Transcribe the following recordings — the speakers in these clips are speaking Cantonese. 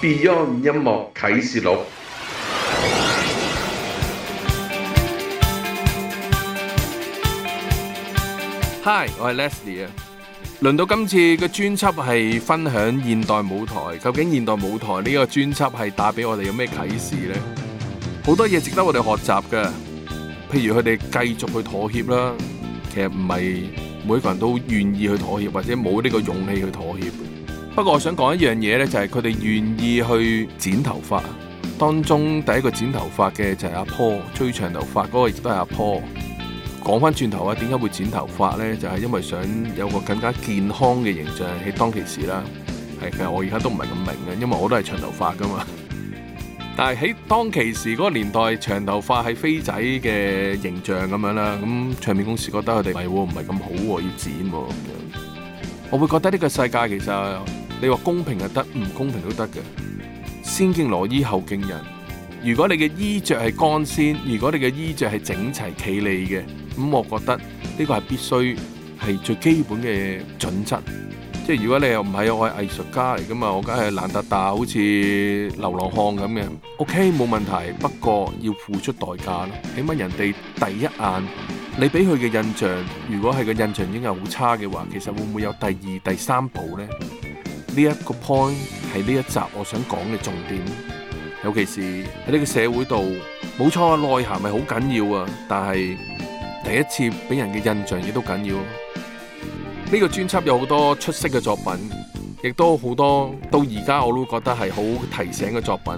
Beyond 音樂啟事錄。Hi，我係 Leslie 啊。輪到今次嘅專輯係分享現代舞台，究竟現代舞台呢個專輯係帶俾我哋有咩啟示呢？好多嘢值得我哋學習嘅，譬如佢哋繼續去妥協啦。其實唔係每個人都願意去妥協，或者冇呢個勇氣去妥協。不過我想講一樣嘢呢，就係佢哋願意去剪頭髮。當中第一個剪頭髮嘅就係阿 Paul，吹長頭髮嗰個亦都係阿 Paul。講返轉頭啊，點解會剪頭髮呢？就係、是、因為想有個更加健康嘅形象喺當其時啦。係，其實我而家都唔係咁明嘅，因為我都係長頭髮噶嘛。但係喺當其時嗰個年代，長頭髮係飛仔嘅形象咁樣啦。咁唱片公司覺得佢哋係唔係咁好，要剪咁樣。我會覺得呢個世界其實～你話公平又得，唔公平都得嘅。先敬羅衣後敬人。如果你嘅衣著係光鮮，如果你嘅衣著係整齊企理嘅，咁我覺得呢個係必須係最基本嘅準則。即係如果你又唔係我係藝術家嚟噶嘛，我梗係邋邋遢遢，好似流浪漢咁嘅。O K 冇問題，不過要付出代價咯。起碼人哋第一眼你俾佢嘅印象，如果係個印象已經係好差嘅話，其實會唔會有第二、第三步呢？呢一個 point 係呢一集我想講嘅重點，尤其是喺呢個社會度，冇錯，內涵係好緊要啊。但係第一次俾人嘅印象亦都緊要。呢個專輯有好多出色嘅作品，亦都好多到而家我都覺得係好提醒嘅作品。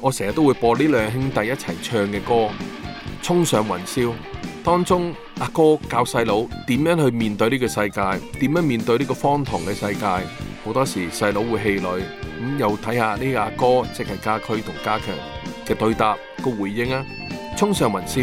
我成日都會播呢兩兄弟一齊唱嘅歌《衝上雲霄》，當中阿哥教細佬點樣去面對呢個世界，點樣面對呢個荒唐嘅世界。好多時細佬會氣餒，咁又睇下呢個阿哥即係家駒同家強嘅對答、個回應啊。衝上雲霄。